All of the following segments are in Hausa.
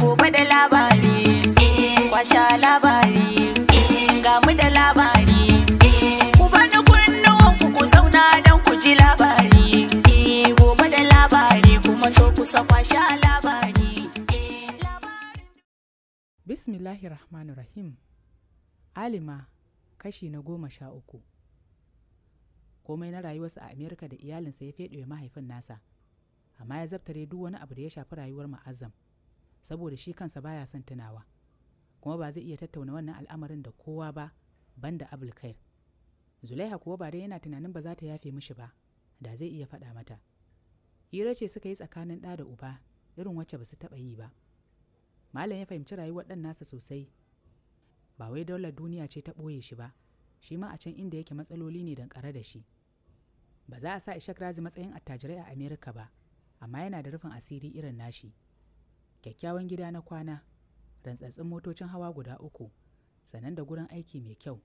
gobe da labari eh, kwasha labari eh, ga mu da labari eh, ku bani kunnuwan ku ku zauna don ku ji labari gobe da labari kuma so ku kwasha labari bismillahir rahmanir rahim alima kashi na goma sha uku komai na rayuwarsa a amerika da iyalinsa ya feɗe mahaifin nasa amma ya zabtare duk wani abu da ya shafi rayuwar ma'azam saboda shi kansa baya son tunawa kuma ba zai iya tattauna wannan al'amarin da kowa ba banda abulkair zulaiha kuwa ba dai yana tunanin ba za ta yafe mishi ba da zai iya faɗa mata hira ce suka yi tsakanin ɗa da uba irin wacce ba su taɓa yi ba malam ya fahimci rayuwar ɗan nasa sosai ba wai daular duniya ce ta ɓoye shi ba shi ma a can inda yake matsaloli ne danƙare da shi ba za a sa ishak razi matsayin attajirai a amerika ba amma yana da rufin asiri irin nashi kyakkyawan gida na kwana rantsatsin motocin hawa guda uku sannan da gurin aiki mai kyau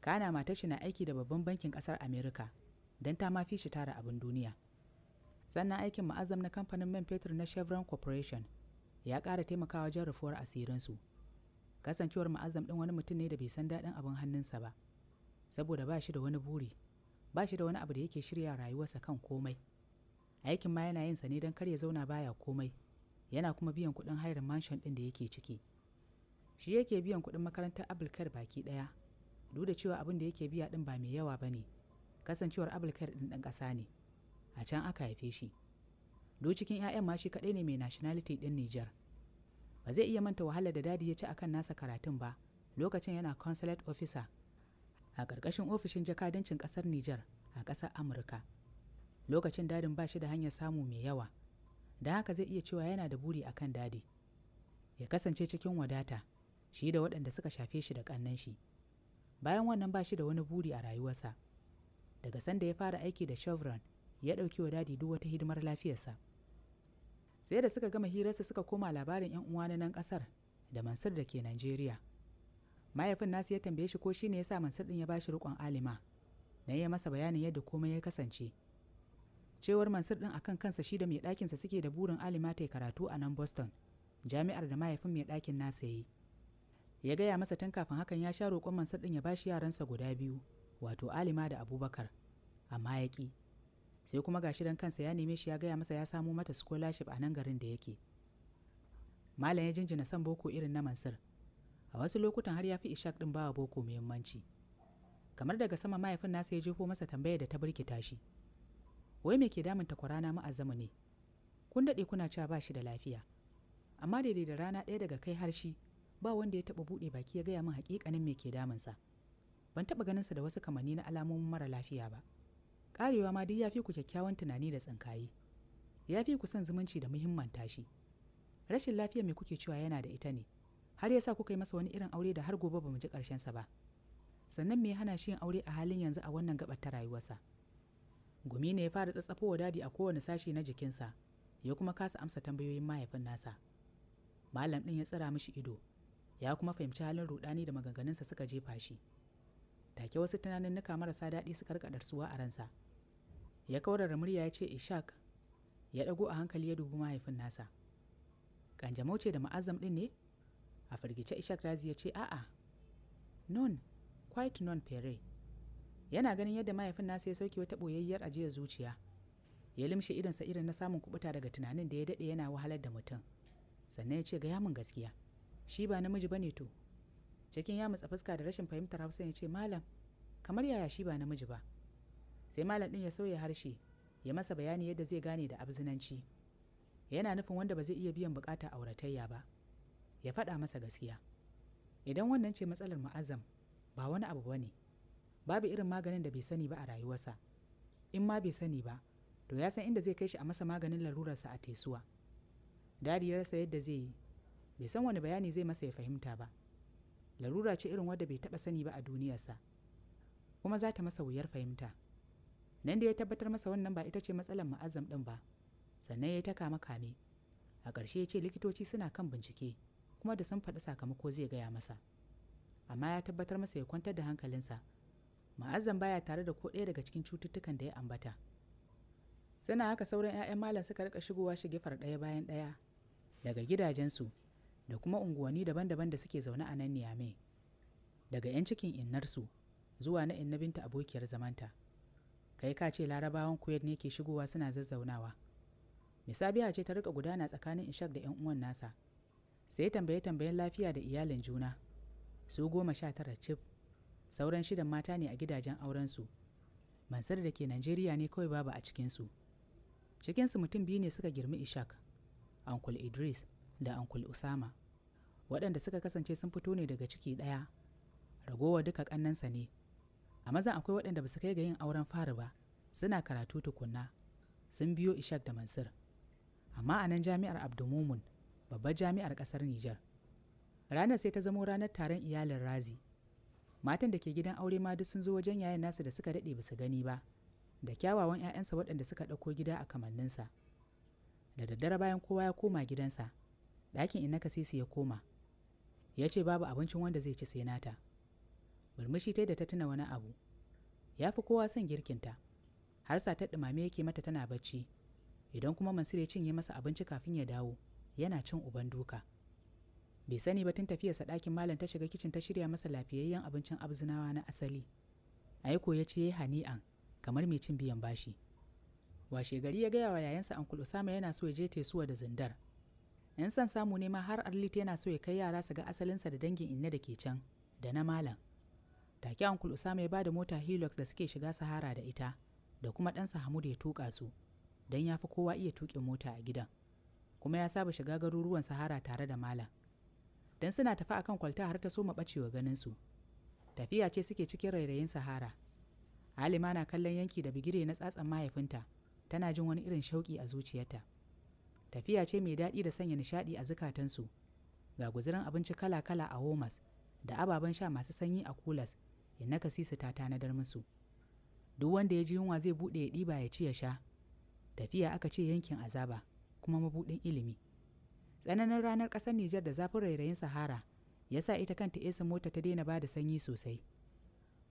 kana matar shi na aiki da babban bankin kasar america don ta ma fi shi tara abin duniya sannan aikin ma'azam na kamfanin man fetur na chevron corporation ya ƙara taimakawa wajen rufuwar asirinsu kasancewar ma'azam ɗin wani mutum ne da bai san daɗin abin hannunsa ba saboda ba shi da wani buri ba shi da wani abu da yake shirya rayuwarsa kan komai aikin ma yana yin sa ne don kar ya zauna baya komai yana kuma biyan kuɗin hayar mansion ɗin da yake ciki shi yake biyan kuɗin makarantar abulkar baki ɗaya duk da cewa abin da yake biya ɗin ba mai yawa ba ne kasancewar abulkar ɗin ɗan ƙasa ne a can aka haife shi duk cikin 'ya'yan ma shi kaɗai ne mai nationality ɗin Nijar. Ba zai iya manta wahalar da dadi ya ci akan nasa karatun ba lokacin yana consulate officer a ƙarƙashin ofishin jakadancin ƙasar Nijar a ƙasar Amurka. Lokacin dadin ba shi da hanyar samu mai yawa, da haka zai iya cewa yana da buri a kan dadi ya kasance cikin wadata shi da waɗanda suka shafe shi da ƙannan shi bayan wannan ba shi da wani buri a rayuwarsa daga sanda ya fara aiki da chevron ya ɗauki wa dadi duk wata hidimar lafiyarsa sai da suka gama hirarsa suka koma labarin 'yan uwa na nan ƙasar da mansur da ke najeriya mahaifin nasu ya tambaye shi ko shine ya sa mansur ɗin ya ba shi riƙon alima na iya masa bayanin yadda komai ya kasance cewar mansur din akan kansa shi da mai ɗakinsa suke da burin alima ta karatu a nan boston jami'ar da mahaifin mai ɗakin nasa ya yi ya gaya masa tun kafin hakan ya sha roƙon mansur din ya bashi yaransa guda biyu wato alima da abubakar amma ya ƙi sai kuma gashi dan kansa ya neme shi ya gaya masa ya samo mata scholarship a nan garin da yake malam ya jinjina son boko irin na mansur a wasu lokutan har ya fi ishak din bawa boko muhimmanci kamar daga sama mahaifin nasa ya jefo masa tambaya da ta birkita shi wai me ke damun takwarana ma'azamu ne kun daɗe kuna cewa ba shi da lafiya amma daidai da rana ɗaya daga kai har ba wanda ya taɓa buɗe baki ya gaya min haƙiƙanin me ke damunsa ban taɓa ganinsa da wasu kamanni na alamomin mara lafiya ba ƙarewa ma duk ya fi ku kyakkyawan tunani da tsinkaye ya fi ku son zumunci da muhimmanta shi rashin lafiya me kuke cewa yana da ita ne har ya sa kuka yi masa wani irin aure da har gobe ba mu ji ƙarshensa ba sannan me ya hana shi yin aure a halin yanzu a wannan gabar ta rayuwarsa gumi ne ya fara tsatsafowa dadi a kowane sashi na jikinsa ya kuma kasa amsa tambayoyin mahaifin nasa malam ɗin ya tsira mishi ido ya kuma fahimci halin rudani da maganganunsa suka jefa shi take wasu nuka marasa daɗi su rika suwa a ransa ya kaurara murya ya ce ishak ya ɗago a hankali ya dubi mahaifin nasa kanjamau ce da ma'azam ɗin ne a firgice ishak razi ya ce a'a non quite non pere yana ganin yadda mahaifin nasa ya sauke wata boyayyar ajiyar zuciya ya limshe idansa irin na samun kubuta daga tunanin da ya daɗe yana wahalar da mutum sannan ya ce ga yamin gaskiya shi ba namiji ba ne to cikin ya matsa fuska da rashin fahimtar hausa ya ce malam kamar yaya shi ba namiji ba sai malam ɗin ya sauya harshe ya masa bayani yadda zai gane da abzinanci yana nufin wanda ba zai iya biyan bukata auratayya ba ya faɗa masa gaskiya idan wannan ce matsalar mu'azzam ba wani abu ba ne babu irin maganin da bai sani ba a rayuwarsa in ma bai sani ba to ya san inda zai kai shi a masa maganin larurarsa a tesuwa dadi ya rasa yadda zai yi bai san wani bayani zai masa ya fahimta ba larura ce irin wadda bai taɓa sani ba a duniyarsa kuma za ta masa wuyar fahimta nan da ya tabbatar masa wannan ba ita ce matsalar ma'azam ɗin ba sannan ya ta kama kame a ƙarshe ya ce likitoci suna kan bincike kuma da sun faɗi sakamako zai gaya masa amma ya tabbatar masa ya kwantar da hankalinsa ma'azan baya tare da ko ɗaya daga cikin cututtukan da ya ambata suna haka sauran 'ya'yan malam suka rika shigowa shigifar ɗaya bayan ɗaya daga gidajensu da kuma unguwanni daban-daban da suke zaune a nan niyame daga 'yan cikin innarsu zuwa na inna binta abokiyar zamanta kai ka ce larabawan kuyar ne ke shigowa suna zazzaunawa misabiya ce ta rika gudana tsakanin ishak da 'yan uwan nasa sai tambaye tambayen lafiya da iyalin juna su goma sha tara cif sauran shidan mata ne a gidajen aurensu mansar da ke najeriya ne kawai babu a cikinsu cikinsu mutum biyu ne suka girmi ishak ankul idris da ankul usama waɗanda suka kasance sun fito ne daga ciki ɗaya ragowa duka ƙannansa ne a mazan akwai waɗanda ba su kai ga yin auren fari ba suna karatu tukunna sun biyo ishak da mansur amma a nan jami'ar abdulmumun babbar jami'ar ƙasar nijar ranar sai ta zamo ranar taron iyalin razi matan da ke gidan aure ma duk sun zo wajen yayan nasu da suka daɗe su gani ba da kyawawan 'ya'yansa waɗanda suka ɗauko gida a kamanninsa da daddare bayan kowa ya koma gidansa ɗakin sai su ya koma ya ce babu abincin wanda zai ci sai nata murmushi ta da ta tuna wani abu ya fi kowa son girkinta har sa ta ɗumame yake mata tana bacci idan kuma mansur ya cinye masa abinci kafin ya dawo yana cin uban duka bai sani ba tun tafiyarsa ɗakin malam ta shiga kicin ta shirya masa lafiyayyen abincin abzinawa na asali aiko ya ce ya hani'an kamar mai cin biyan bashi washe gari ya gaya wa yayansa ankul usama yana so ya je tesuwa da zindar yan san samu ne ma har arlita yana so ya kai yara su ga asalinsa da dangin inna da ke can da na malam take ankul usama ya ba da mota hilux da suke shiga sahara da ita da kuma ɗansa hamudu ya tuƙa su don ya fi kowa iya tuƙin mota a gidan kuma ya saba shiga garuruwan sahara tare da malam don suna tafi akan kwalta har ta soma ɓacewa ganinsu tafiya ce suke cikin rairayin sahara halima na kallon yanki da bigire na tsatsan mahaifinta tana jin wani irin shauƙi a zuciyarta tafiya ce mai daɗi da sanya nishaɗi a zukatansu ga guzurin abinci kala-kala a homas da ababen sha masu sanyi a kulas inna su ta tanadar musu duk wanda ya ji yunwa zai buɗe ya ɗiba ya ci ya sha tafiya aka ce yankin azaba kuma mabuɗin ilimi tsananin ranar ƙasar nijar da zafin rairayin sahara ya sa ita kanta isa mota ta daina ba da sanyi sosai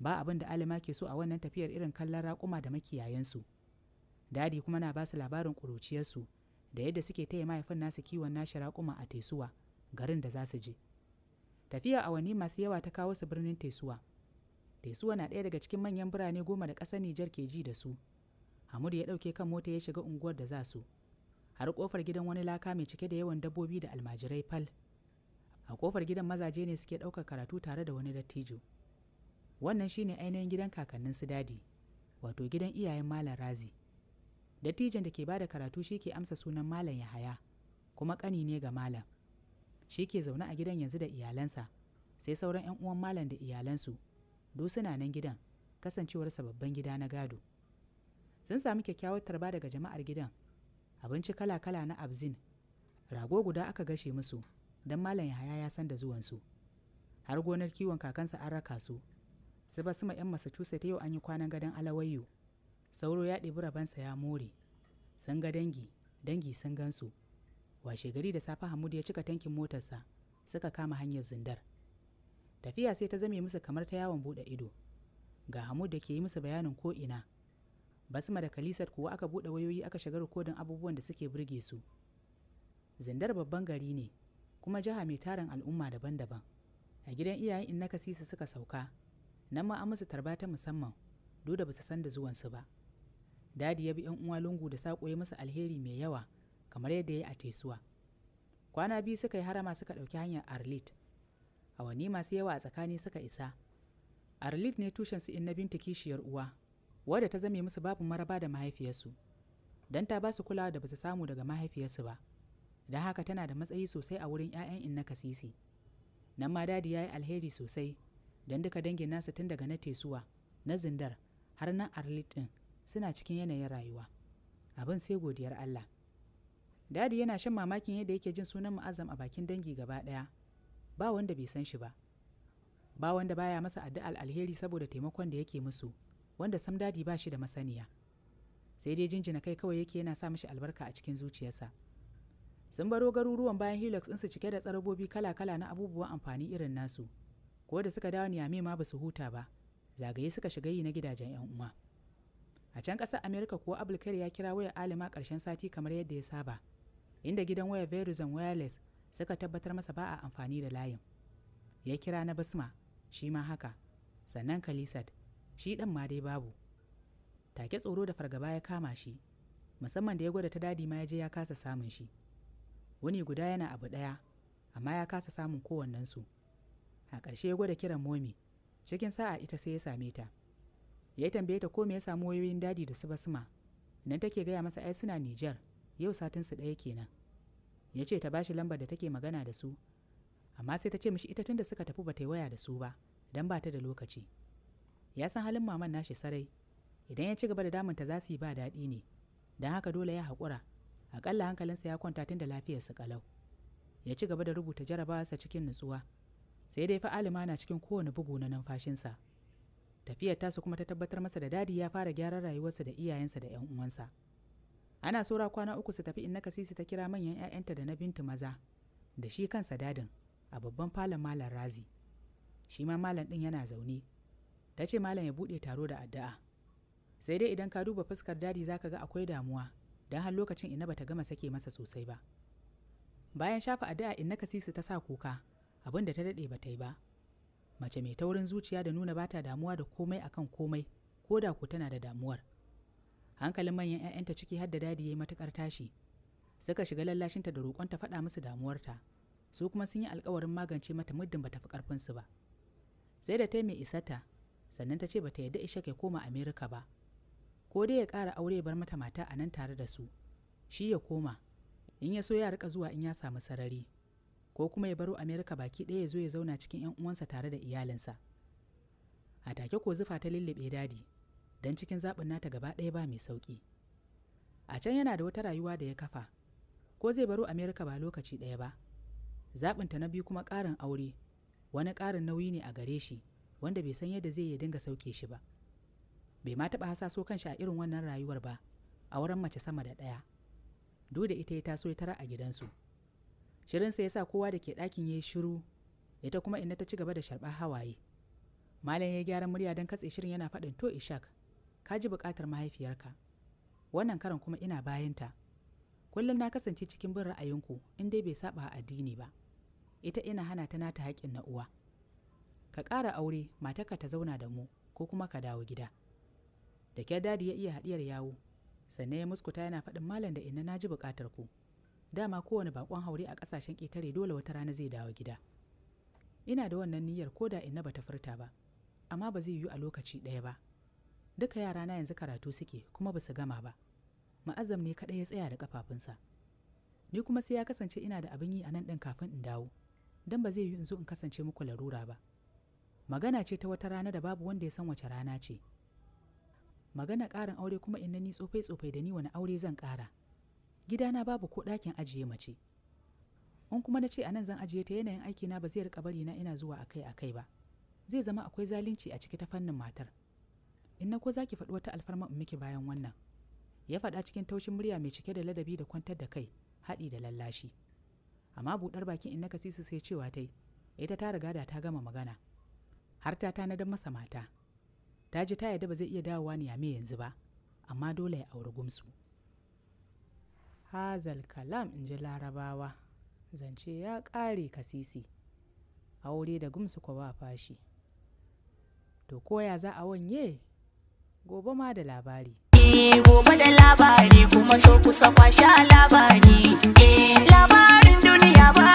ba abin da alima ke so a wannan tafiyar irin kallon raƙuma da makiyayensu dadi kuma na basu labarin ƙuruciyarsu da yadda suke taya mahaifin nasu kiwon nashi raƙuma a tesuwa garin da za su je tafiya awanni masu yawa ta kawo su birnin tesuwa tesuwa na ɗaya daga cikin manyan birane goma da ƙasar nijar ke ji da su Hamudu ya ɗauke kan mota ya shiga unguwar da za su har kofar gidan wani laka mai cike da yawan dabbobi da almajirai fal a kofar gidan mazaje ne suke ɗaukar karatu tare da wani dattijo wannan shine ainihin gidan kakannin su dadi wato gidan iyayen malam razi dattijon da ke bada karatu shi ke amsa sunan malam yahaya kuma ƙani ne ga malam shi ke zaune a gidan yanzu da iyalansa sai sauran 'yan uwan malam da iyalansu duk suna nan gidan kasancewarsa babban gida na gado sun sami kyakkyawar tarba daga jama'ar gidan abinci kala-kala na abzin rago guda aka gashe musu don malam yahaya ya san da zuwansu har gonar kiwon kakansa an raka su su ba ma 'yan massachusetts yau an yi kwanan gadon alawayyo sauro ya ɗebi rabansa ya more sun ga dangi dangi sun gansu washe gari da safe hamud ya cika tankin motarsa suka kama hanyar zindar tafiya sai ta zame musu kamar ta yawon buɗe ido ga hamud da ke yi musu bayanin ko'ina. basma da Kalisar kuwa aka buɗe wayoyi aka shiga rikodin abubuwan da suke burge su Zindar babban gari ne kuma jiha mai tarin al'umma daban-daban a gidan iyayen inna kasisa suka sauka nan ma an musu tarba ta musamman duk da basu san da zuwan su ba dadi ya bi yan uwa lungu da saƙo ya musu alheri mai yawa kamar yadda ya yi a tesuwa kwana biyu suka yi harama suka ɗauki hanyar arlit awanni masu yawa a tsakani suka isa arlit ne tushen su inna binta kishiyar uwa wadda ta zame musu babu maraba da mahaifiyarsu don ta ba su kulawa da ba su samu daga mahaifiyarsu ba don haka tana da matsayi sosai a wurin 'ya'yan inna kasisi nan ma dadi ya yi alheri sosai don duka dangin nasu tun daga na tesuwa na zindar har na arlit ɗin suna cikin yanayin rayuwa abin sai godiyar allah dadi yana shan mamakin yadda yake jin sunan mu'azzam a bakin dangi gaba ɗaya ba wanda bai san shi ba ba wanda baya masa addu'ar alheri saboda taimakon da yake musu wanda sam dadi ba shi da masaniya sai dai jinjina kai kawai yake yana sa mishi albarka a cikin zuciyarsa sun baro garuruwan bayan hilux su cike da tsarabobi kala-kala na abubuwan amfani irin nasu ko da suka dawo niyame ma ba su huta ba zagaye suka shiga yi na gidajen yan uwa a can ƙasar america kuwa abulkar ya kira wayar alima ƙarshen sati kamar yadda ya saba inda gidan wayar verizon wireless suka tabbatar masa ba a amfani da layin ya kira na basma shi ma haka sannan kalisat shi ɗan ma dai babu take tsoro da fargaba ya kama shi musamman da ya gwada ta dadi ma ya je ya kasa samun shi wani guda yana abu ɗaya amma ya kasa samun kowannensu a ƙarshe ya gwada kiran momi cikin sa'a ita sai ya same ta ya tambaye ta ko me ya samu wayoyin dadi da su basma nan take gaya masa ai suna Nijar yau satin su ɗaya kenan ya ce ta bashi lambar da take magana da su amma sai ta ce mishi ita tunda suka tafi ba ta yi waya da su ba don ba ta da lokaci ya san halin maman nashi sarai idan ya ci gaba da damunta za su yi ba daɗi ne don haka dole ya haƙura aƙalla hankalinsa ya kwanta tun da lafiyarsa ƙalau ya ci gaba da rubuta jarabawarsa cikin nutsuwa sai dai fa alima na cikin kowane bugu na numfashinsa tafiyar tasu kuma ta tabbatar masa da dadi ya fara gyaran rayuwarsa da iyayensa da 'yan uwansa ana saura kwana uku su tafi inna kasisi ta kira manyan 'ya'yanta da na bintu maza da shi kansa dadin a babban falon malam razi shi ma malam ɗin yana zaune ta ce malam ya buɗe taro da addu'a sai dai idan ka duba fuskar dadi zaka ga akwai damuwa don har lokacin ina bata gama sake masa sosai ba bayan shafa addu'a inna kasisu ta sa kuka abin da ta dade ba ta yi ba mace mai taurin zuciya da nuna bata damuwa da komai akan komai ko da ku tana da damuwar hankalin manyan 'ya'yanta ciki har da dadi ya yi matuƙar tashi suka shiga lallashinta da roƙon ta faɗa musu damuwarta su kuma sun yi alkawarin magance mata muddin bata fi ƙarfinsu ba sai da ta mai isata sannan ta ce bata yadda sha ya koma amerika ba ko dai ya ƙara aure ya bar mata mata a nan tare da su shi ya koma in ya so ya rika zuwa in ya samu sarari ko kuma ya baro amerika baki ɗaya ya zo ya zauna cikin 'yan uwansa tare da iyalinsa a take ko zufa ta lillibe dadi don cikin zaɓin nata gaba ɗaya ba mai sauƙi a can yana da wata rayuwa da ya kafa ko zai baro amerika ba lokaci ɗaya ba ta na biyu kuma ƙarin aure wani ƙarin nauyi ne a gare shi wanda bai san yadda zai ya dinga sauke shi ba bai ma taɓa hasaso kanshi a irin wannan rayuwar ba a wurin mace sama da ɗaya do da ita ya taso ya tara a gidansu shirinsa ya sa kowa da ke ɗakin ya yi shiru ita kuma inna ta ci gaba da sharɓar hawaye malam ya gyara murya don katse shirin yana faɗin to ishak ka ji buƙatar mahaifiyarka wannan karan kuma ina bayanta kullum na kasance cikin bin ra'ayinku in dai bai saba addini ba ita ina hana ta nata haƙƙin na uwa ka ƙara aure matarka ta zauna da mu ko kuma ka dawo gida da kyar dadi ya iya haɗiyar yawo sannan ya muskuta yana faɗin malam da inna naji buƙatar ku dama kowane bakon haure a ƙasashen ƙetare dole wata rana zai dawo gida ina da wannan niyyar ko da inna bata furta ba amma ba zai yiwu a lokaci ɗaya ba duka yara na yanzu karatu suke kuma ba su gama ba ma'azam ne kaɗai ya tsaya da ƙafafunsa ni kuma sai ya kasance ina da abin yi a nan ɗin kafin in dawo don ba zai yiwu in zo in kasance muku larura ba magana ce ta wata rana da babu wanda ya san wace rana ce magana ƙarin aure kuma in ni tsofai tsofai da ni wani aure zan ƙara gidana babu ko ɗakin ajiye mace in kuma na ce a nan zan ajiye ta yanayin aikina ba zai rika bari na ina zuwa akai akai ba zai zama akwai zalunci a ciki ta fannin matar In na ko za ki faɗi wata alfarma in miki bayan wannan ya faɗa cikin taushin murya mai cike da ladabi da kwantar da kai haɗi da lallashi amma buɗar bakin inna kasisi sai cewa tai ita ta riga da ta gama magana har ta tanadar masa mata ta ji ta yadda ba zai iya dawowa niyame yanzu ba amma dole ya auri gumsu hazal kalam in ji larabawa zance ya ƙare kasisi aure da gumsu ko ba fashi to koya za a wanye gobe ma da labari eh, gobe da labari kuma so kusa kwashe labari eh, labarin duniya ba